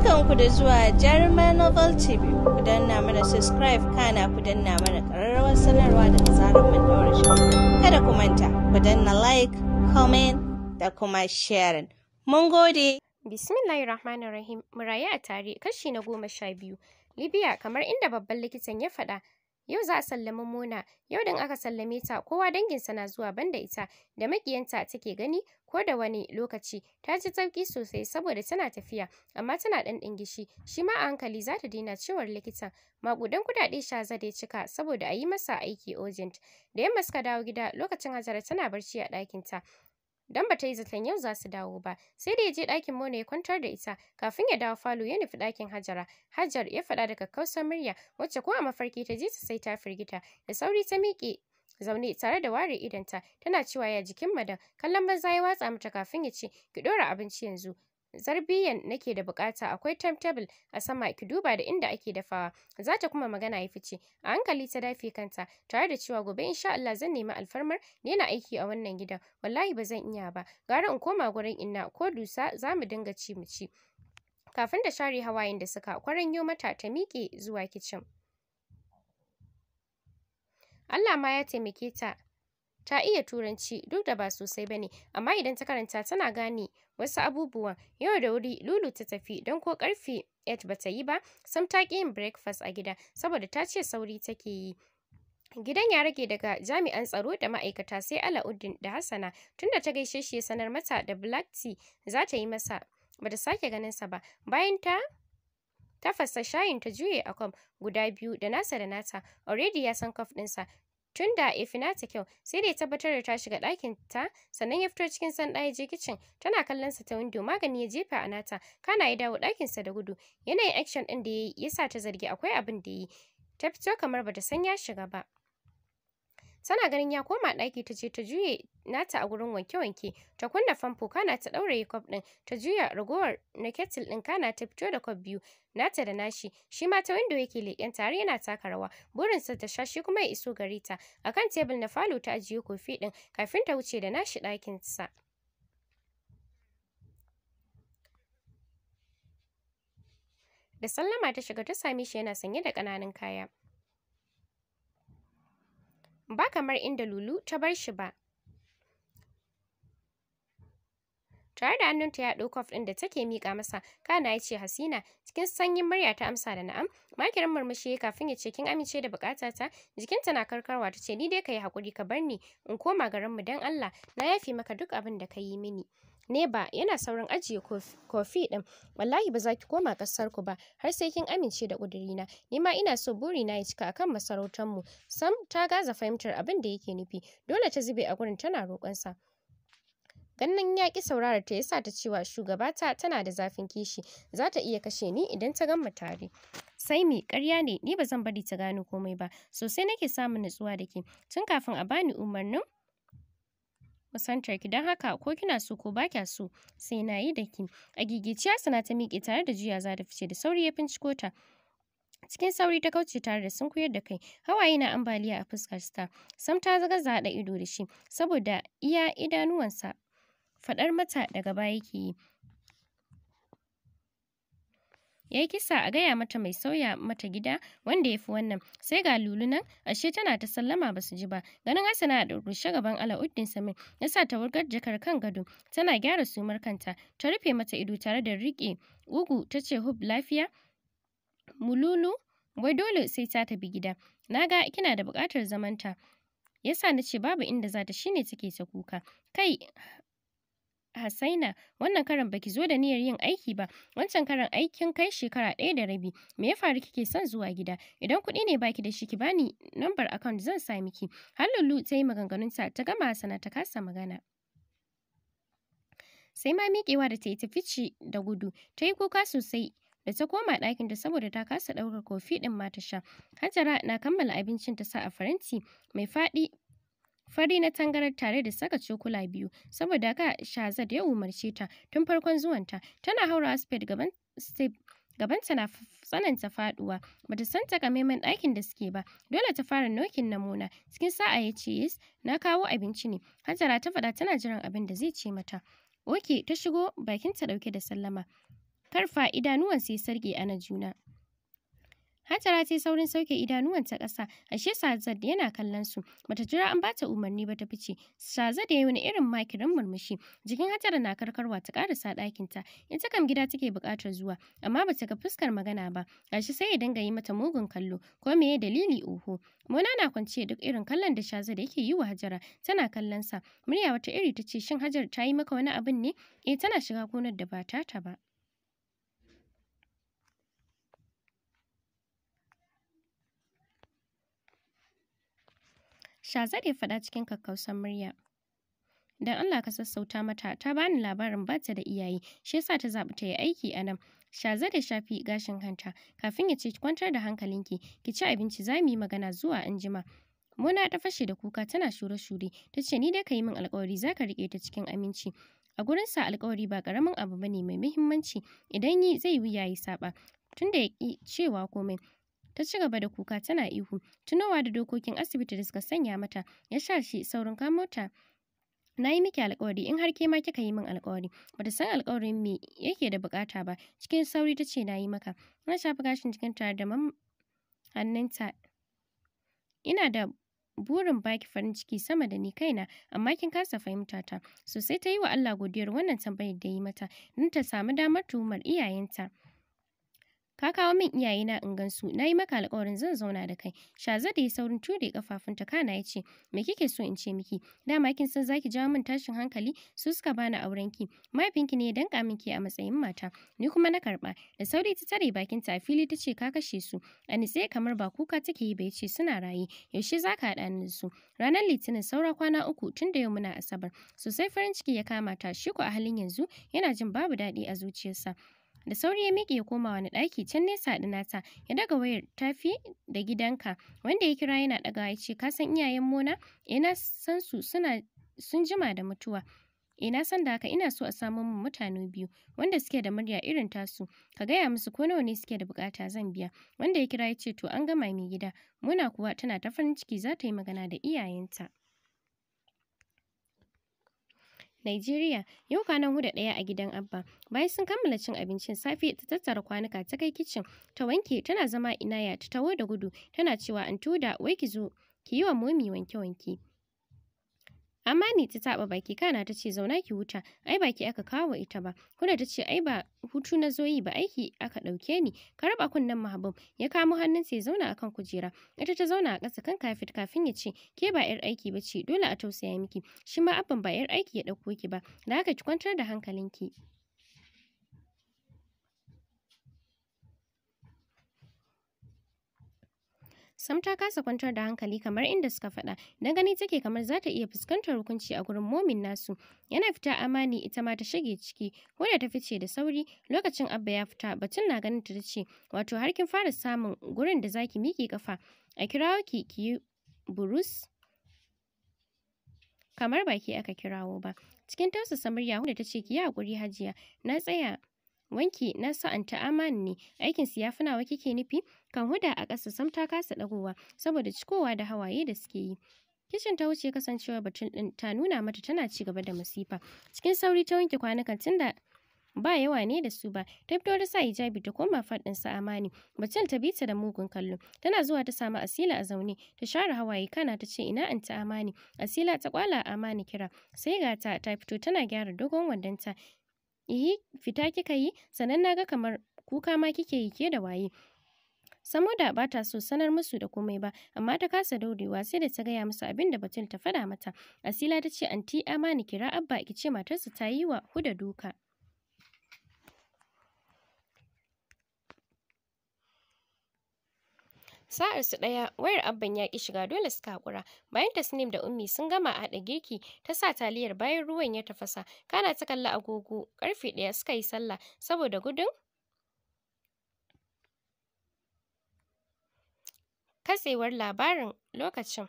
barkanku da zuwa jarumar novel tv ku danna mana subscribe kana ku danna mana ƙararrawar sanarwa da tsarin mun daura shi kada ku manta ku danna like comment da kuma sharing mun gode bismillahir rahman rahim muraya a tare kashi na goma sha biyu libya kamar inda babban likitan ya faɗa Yau za a sallami Mona, yau dan aka sallame ta kowa danginsa na zuwa banda ita da makiyanta take gani ko da wani lokaci ta ji sauki sosai saboda tana tafiya amma tana dan dingishi shi ma a hankali za ta daina cewar likitan makudan kudade shaza da ya cika saboda a yi masa aiki urgent da yamma suka dawo gida lokacin hazara tana barci a ɗakinta. don ba ta yi zaton yau za su dawo ba sai da ya je ɗakin mona ya kwantar da ita kafin ya dawo falo ya nufi ɗakin hajara hajar ya faɗa da kakkausar murya wacce ko a mafarki ta je ta sai ta firgita da sauri ta miƙe zaune tare da ware idanta tana cewa ya jikin madan kallon banza ya watsa mata kafin ya ce ki ɗora abinci yanzu zarbiyan nake da bukata akwai timetable a sama ki duba da inda ake dafawa za ta kuma magana ya fice a hankali ta dafe kanta tare da cewa gobe insha Allah zan nemi alfarmar ne na aiki a wannan gidan wallahi ba zan iya ba gara in koma gurin inna ko dusa za mu dinga ci mu ci kafin da share hawayen da suka kwaranyo mata ta miƙe zuwa kicin Allah ma ya taimake ta ta iya turanci duk da ba sosai bane amma idan ta karanta tana gane wasu abubuwan. Yau da wuri Lulu ta tafi don ko karfe 8 ba ta yi ba, sam ta ƙi yin breakfast a gida saboda ta ce sauri take yi. Gidan ya rage daga jami'an tsaro da ma'aikata sai Alauddin da Hassana tunda ta gaishe shi ya sanar mata da Black Tea za ta yi masa Ba ta sake ganin sa ba. Bayan ta tafasa shayin ta juye a kwam guda biyu da nasa da nata already ya san kwaf ɗinsa tun da a fi nata kyau sai da ya tabbatar da ta shiga ɗakin ta sannan ya fito cikin san ɗaya je kicin tana kallon sa ta windo magani ya jefa a nata kana ya dawo ɗakin sa da gudu yanayin action ɗin da ya yi ya sa ta zargi akwai abin da ya yi ta fito kamar bata san ya shiga ba Tana ganin ya koma ɗaki ta je ta juye nata a gurin wanke-wanke, ta kunna famfo kana ta ɗauraye kwaf ɗin, ta juya ragowar na ketil ɗin kana ta fito da kwaf biyu, nata da nashi, shi ma ta windo yake leƙen tare yana taka rawa, burinsa ta sha shi kuma ya iso gare ta. akan kan tebul na falo ta ajiye kofi ɗin kafin ta wuce da nashi ɗakinsa. Da sallama ta shiga ta same shi yana sanye da ƙananan kaya. ba kamar inda Lulu ta bar shi ba. Tare da hannunta ya ɗau kwaf ɗin da take miƙa masa, kana ya ce Hasina, cikin sanyin murya ta amsa da na'am, makirin murmushi ya kafin ya ce kin amince da buƙatata, jikinta na karkarwa ta ce ni dai ka yi haƙuri ka bar ni in koma garinmu don Allah, na yafe maka duk abin da ka yi mini. Neba yana saurin ajiye kofi ɗin. Wallahi ba za ki koma ƙasar ku ba har sai kin amince da ƙudurina. Ni ma ina so buri na ya cika akan masarautar mu. Sam ta gaza fahimtar abin da yake nufi. Dole ta zube a gurin tana roƙonsa. Gannan ya ki saurara ta yasa ta cewa shugaba ta tana da zafin kishi za ta iya kashe ni idan ta gama tare. sai mi ƙarya ne ni ba zan bari ta gano komai ba sosai nake samun nutsuwa da ke tun kafin a bani umarnin kusantar ki don haka ko kina so ko ba kya so sai na yi da ki a gigici sana ta miƙe tare da juya za ta fice da sauri ya binciko ta cikin sauri ta kauce tare da sunkuyar da kai hawaye na ambaliya a fuskar ta sam ta zaga zaɗa ido da shi saboda iya idanuwansa faɗar mata daga baya yake yi ya yi kisa a gaya mata mai sauya mata gida wanda ya fi wannan sai ga lulu ashe tana ta sallama ba su ji ba ganin hasana a ɗurgushe gaban alauddin samir ya sa ta wurgar jakar kan gado tana gyara sumar kanta ta rufe mata ido tare da riƙe ugu ta ce hub lafiya mululu wai dole sai ta tafi gida na ga kina da buƙatar zamanta yasa na ce babu inda za ta shine take ta kuka kai hassaina wannan karan baki zo da niyyar yin aiki ba, wancan karan aikin kai shekara ɗaya da rabi. Me ya faru kike son zuwa gida? Idan kuɗi ne baki da shi ki bani lambar account zan sa miki. Har Lulu ta yi maganganunta ta gama sana ta kasa magana. Sai ma miƙewa da ta yi ta fice da gudu, ta yi kuka sosai da ta koma ɗakinta saboda ta kasa ɗaukar kofi ɗin ma ta sha. Hajara na kammala abincin ta sa a faranti mai faɗi fari na tangarar tare da saka cokula biyu saboda ka Shazad ya umarce ta tun farkon zuwanta tana haura spade gaban step gabanta na tsananta faduwa bata san takamaiman ɗakin da suke ba dole ta fara nokin namuna cikin sa'a ya ce yes na kawo abinci ne hajara ta faɗa tana jiran abin da zai ce mata oke ta shigo bakinta ɗauke da sallama kar karfa idanuwan sai sarki ana juna Hajara ta saurin sauke idanuwan ta ƙasa, ashe Sazad yana kallon su. Bata jira an bata umarni ba ta fice. Sazad yayi wani irin makirin murmushi. Jikin Hajara na karkarwa ta karasa ɗakin ta. Ita kam gida take buƙatar zuwa, amma bata ga fuskar magana ba. Gashi sai ya dinga yi mata mugun kallo, ko meye dalili oho. Mona na kwance duk irin kallon da Shazad yake yi wa Hajara, tana kallon sa. Murya wata iri ta ce shin Hajar ta yi maka wani abin ne? Eh tana shiga gonar da ba ta ba. Shazad ya faɗa cikin kakkausar murya. Dan Allah ka sassauta mata, ta bani labarin bata da iyaye, shi yasa ta zabi ta yi aiki a nan. shaza da shafi gashin hanta, kafin ya ce kwantar da hankalinki, ki ci abinci za mu yi magana zuwa anjima. Mona ta fashe da kuka tana shure-shure, ta ce ni dai ka yi min alkawari za ka riƙe ta cikin aminci. A gurin sa alkawari ba karamin abu bane mai muhimmanci, idan yi zai wuya ya saɓa, tunda ya ki cewa komai. Ta ci gaba da kuka tana ihu. Tunowa da dokokin asibiti da suka sanya mata ya sha shi saurin kamota na yi miki alkawari in har ke ma kika yi min alkawari bata san alkawarin me yake da bukata ba cikin sauri ta ce na yi maka na shafi gashin cikin tare da mam hannunta ina da burin baki farin ciki sama da ni kaina amma kin kasa fahimta ta sosai ta yi wa Allah godiyar wannan tambayar da yi mata don ta samu damar tuhumar iyayenta. Ka kawo min iyayena in gan na yi maka alƙawarin zan zauna da kai. zai ya saurin kafafun kafafunta kana ya ce, me kike so in ce miki? Dama kin san zaki jawo min tashin hankali, su suka bani auren ki. Mahaifinki ne ya danka min ki a matsayin mata, ni kuma na karɓa. Da sauri ta tare bakin ta a fili ta ce ka kashe su. A nitse kamar ba kuka take yi bai ce suna raye, yaushe za ka haɗa ni su. Ranar Litinin saura kwana uku tun da yau muna Asabar. Sosai farin ciki ya kama ta, shi ko a halin yanzu yana jin babu daɗi a zuciyarsa. da sauri ya miƙe ya koma wani ɗaki can nesa da ya daga wayar tafi da gidanka wanda ya kira yana ɗaga ya ce ka iyayen mona ina eh, san su suna sun jima da mutuwa ina eh, san da haka ina so a samu mu mutane biyu wanda suke da murya irin tasu ka gaya musu ko nawa ne suke da bukata zan biya wanda ya kira ya ce to an gama mai gida Mona kuwa tana ta farin ciki za ta yi magana da iyayenta Nigeria, yau kwanan huda ɗaya a gidan Abba. Bayan sun kammala cin abincin safe ta tattara kwanuka ta kai kicin, ta wanke tana zama inaya ta tawo da gudu tana cewa an tuda wai ki zo ki yi wa momi wanke-wanke. amma ni ta taɓa baki kana ta ce zauna ki huta ai baki aka kawo ita ba kuna ta ce ai ba hutu na zoyi ba aiki aka ɗauke ni ka raba kunnen mahabub ya kamo hannun sai zauna akan kujera ita ta zauna a ƙasa kan kafit kafin ya ce ke ba yar aiki ba ce dole a tausaya miki shi ma abban ba yar aiki ya ɗauko ki ba da haka ki kwantar da hankalinki. Sam ta kasa kwantar da hankali kamar inda suka faɗa, dan gani take kamar za ta iya fuskantar hukunci a gurin momin nasu. Yana fita amani ita ma ta shige ciki, huda ta fice da sauri lokacin Abba ya fita batun na ganin ta ce, wato har kin fara samun gurin da zaki miƙe kafa. A kirawo ki ki burus kamar baki aka kirawo ba. Cikin tausasa murya wanda ta ce ki yi hakuri hajiya, na tsaya Wanki na su Anta Amani ne, aikin siyafi nawa kike nufi? Kan huda a ƙasa sam ta kasa ɗagowa saboda cikowa da hawaye da suke yi. kishin ta wuce kasancewa batun ɗin ta nuna mata tana ci gaba da masifa. Cikin sauri ta wanke kwanukan tunda ba yawa ne da su ba ta fito da sa hijabi ta koma faɗin sa amani bacin ta bita da mugun kallo tana zuwa ta samu asila a zaune ta share hawaye kana ta ce ina anta amani asila ta kwala amani kira sai ga ta ta fito tana gyara dogon wandanta eh fita kika yi sannan naga kamar kuka ma kike yi ke da waye samoda ba ta so sanar musu da komai ba amma ta kasa daurewa sai da ta gaya musu abin da batul ta faɗa mata asila ta ce anti amani kira abba ki ce matarsa ta yi wa huda duka Sa'ar su ɗaya wayar abban ya ƙi shiga dole suka haƙura. Bayan Tasnim da Ummi sun gama a haɗa girki ta sa taliyar bayan ruwan ya tafasa. Kana ta kalli agogo ƙarfe ɗaya suka yi sallah saboda gudun kasewar labarin lokacin.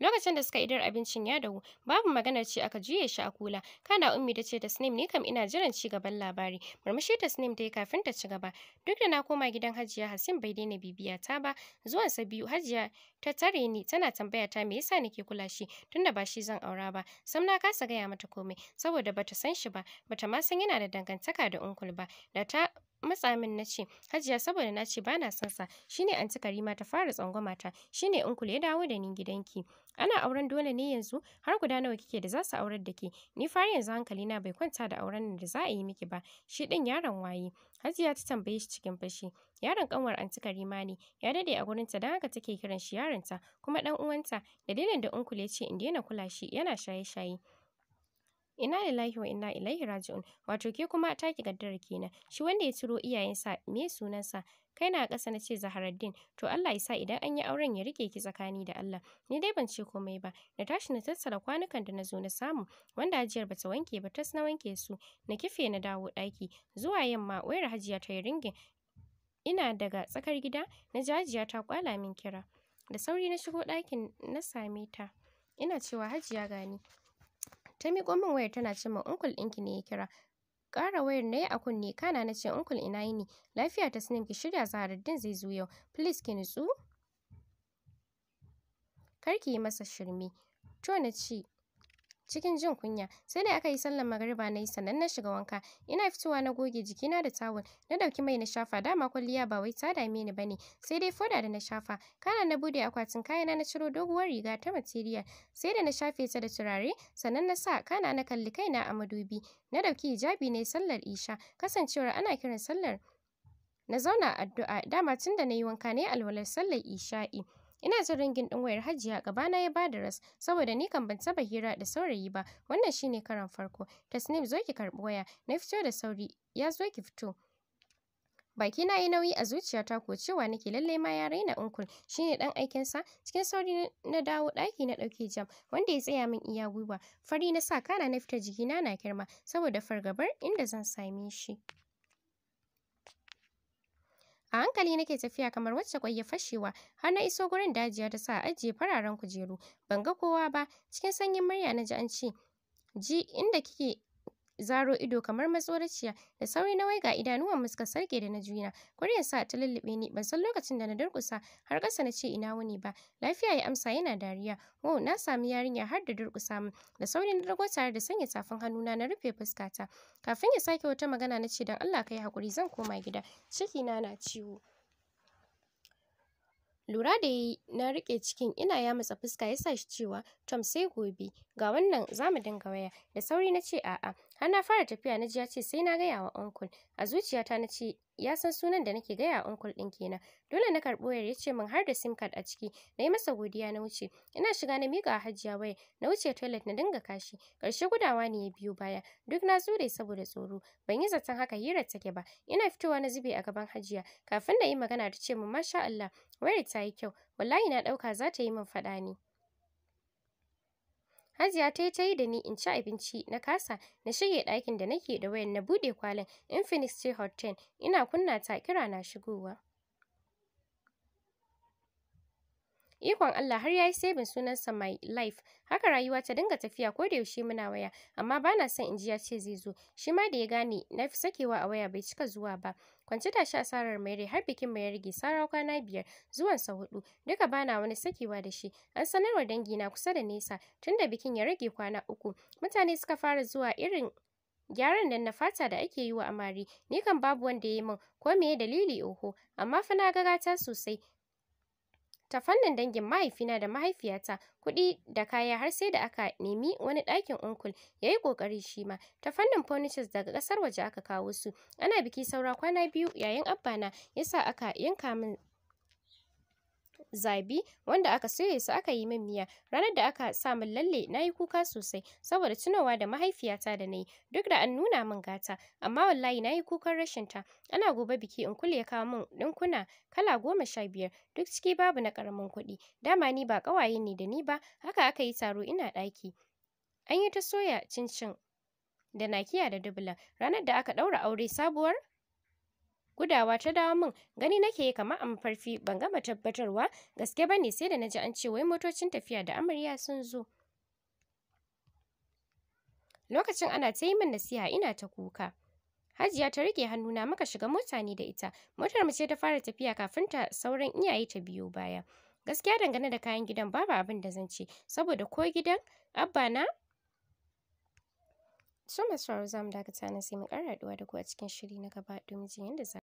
lokacin da suka idar abincin ya dawo babu maganar ce aka juye shi a kula kana ummi ta ce tasnim ni kam ina jiran ci gaban labari murmushi tasnim ta yi kafin ta ci gaba duk da na koma gidan hajiya hasim bai daina bibiya ta ba sa biyu hajiya ta tare ni tana tambaya ta me yasa nake kula shi tunda ba shi zan aura ba sam na kasa gaya mata komai saboda bata san shi ba bata ma san yana da dangantaka da unkul ba da ta matsa min na ce hajiya saboda na ce bana son sa shine anti karima ta fara tsangwama ta shine unkul ya dawo da ni gidanki ana auren dole ne yanzu har guda nawa kike da za su aurar da ke ni fara yanzu hankali na bai kwanta da auren da za a yi miki ba shi din yaron waye hajiya ta tambaye shi cikin fashi yaron kanwar anti karima ne ya dade a gurinta don haka take kiran shi yaronta kuma dan uwanta dalilin da unkule ya ce in daina kula shi yana shaye-shaye ina lillahi wa inna ilaihi raji'un wato ke kuma ta ki gaddara kenan shi wanda ya ciro iyayensa me sunansa kai na ƙasa na ce Zaharaddin to Allah ya sa idan an yi auren ya rike ki tsakani da Allah ni dai ban ce komai ba na tashi na tattara kwanukan da na zo na samu wanda hajiyar bata wanke ba tas na wanke su na kife na dawo ɗaki zuwa yamma wayar hajiya ta yi ringin ina daga tsakar gida na jajiya ta kwala min kira da sauri na shigo ɗakin na same ta ina cewa hajiya gani ta miƙo min wayar tana ce min uncle ɗinki ne ya kira ƙara wayar na yi a kunne kana na ce uncle ina yini lafiya ta sinim ki shirya zaharaddin zai zo yau please ki nutsu kar ki yi masa shirme to na ce cikin jin kunya sai dai aka yi sallar magariba na yi sannan na shiga wanka ina fitowa na goge jikina da tawul na dauki mai na shafa dama kwalliya ba wai ta dame ni bane sai dai foda da na shafa kana na bude akwatin kayana na ciro doguwar riga ta material sai da na shafe ta da turare sannan na sa kana na kalli kaina a madubi na dauki hijabi yi sallar isha kasancewar ana kiran sallar na zauna addu'a dama tun da na yi wanka ne alwalar sallar isha'i Ina jin ringin ɗin wayar Hajiya gabana ya bada ras saboda ni kan ban saba hira da saurayi ba wannan shine karan farko. Tasnim zo ki karɓi waya na fito da sauri ya zo ki fito. baki na yi nauyi a zuciyata ko cewa nake lalle ma ya raina unkul shine dan aikin sa cikin sauri na dawo daki na dauke jam wanda ya tsaya min iya gwiwa fari na sa kana na fita jiki na na kirma saboda fargabar inda zan same shi A hankali nake tafiya kamar wacce kwai fashewa har na iso gurin dajiya da sa ajiye fararen kujeru. Ban ga kowa ba cikin sanyin murya na ji an ce ji inda kike zaro ido kamar matsoraciya da sauri na ga idanuwan mu suka sarke da na juna kuryar sa ta lullube ni ban san lokacin da na durkusa har ƙasa na ce ina wuni ba lafiya ya amsa yana dariya wow oh, na sami yarinya har da durkusa min da sauri na dago tare da sanya tafin hannuna na rufe fuskata kafin ya sake wata magana na ce dan Allah kai hakuri zan koma gida ciki na na ciwo Lura da yi na riƙe cikin ina ya matsa fuska ya sa shi cewa Tom sai gobe ga wannan za mu dinga waya da sauri na ce a'a har na fara tafiya na ji ya ce sai na gaya wa uncle a zuciyata na ce ya san sunan da nake gaya uncle din kenan dole na karɓo wayar ya ce min har da sim card a ciki na yi masa godiya na wuce ina shiga na miƙa hajiya wayar na wuce toilet na dinga kashi karshe gudawa ne ya biyo baya duk na zure saboda tsoro ban yi zaton haka hirar take ba ina fitowa na zube a gaban hajiya kafin na yi magana ta ce min masha Allah wayar ta yi kyau wallahi na ɗauka za ta yi min faɗa ne Hajiya ta yi ta yi da ni in ci abinci na kasa na shige ɗakin da nake da wayan na buɗe kwalin Infinix ce Hot 10 ina kunna ta kira na shigowa. Ikon Allah har ya yi sebin sunansa My Life. Haka rayuwa ta dinga tafiya ko da yaushe muna waya, amma bana son in ji ya ce zai zo. Shi ma da ya gane na fi sakewa a waya bai cika zuwa ba. kwance tashi asarar mere har bikin mai rage sara kwana biyar zuwan sa hudu duka bana wani sakewa da shi an dangi na kusa da nesa tunda bikin ya rage kwana uku mutane suka fara zuwa irin gyaran nan na fata da ake yi wa amari ni kan babu wanda ya yi min ko me dalili oho amma fa na gagata sosai ta fannin dangin mahaifina da mahaifiyata kuɗi da kaya har sai da aka nemi wani ɗakin unkul ya yi ƙoƙari shi ma ta fannin furnitures daga ƙasar waje aka kawo su ana biki saura kwana biyu yayin abbana yasa aka yanka min zabi wanda aka soya su aka yi min miya ranar da aka sa min lalle na yi kuka sosai saboda tunawa da mahaifiyata da na yi duk da an nuna min gata amma wallahi na yi kukan rashin ta ana gobe biki in kulle kawo min ɗinkuna kala goma sha biyar duk ciki babu na ƙaramin kuɗi dama ni ba ƙawaye ne da ni ba haka aka yi taro ina ɗaki an yi ta soya cincin da nakiya da dubula ranar da aka ɗaura aure sabuwar gudawa ta dawo min gani nake yi kamar a mafarfi ban gama tabbatarwa gaske bane sai da naji an ce wai motocin tafiya da amarya sun zo lokacin ana ta yi min nasiha ina ta kuka Hajiya ta rike hannuna muka shiga mota ne da ita. Motar mu ce ta fara tafiya kafin ta sauran iyaye ta biyo baya. Gaskiya dangane da kayan gidan babu abin da zan ce saboda ko gidan abba na So masu zamu dakata na sai mu ƙara da ku a cikin shiri na gaba domin jin yadda za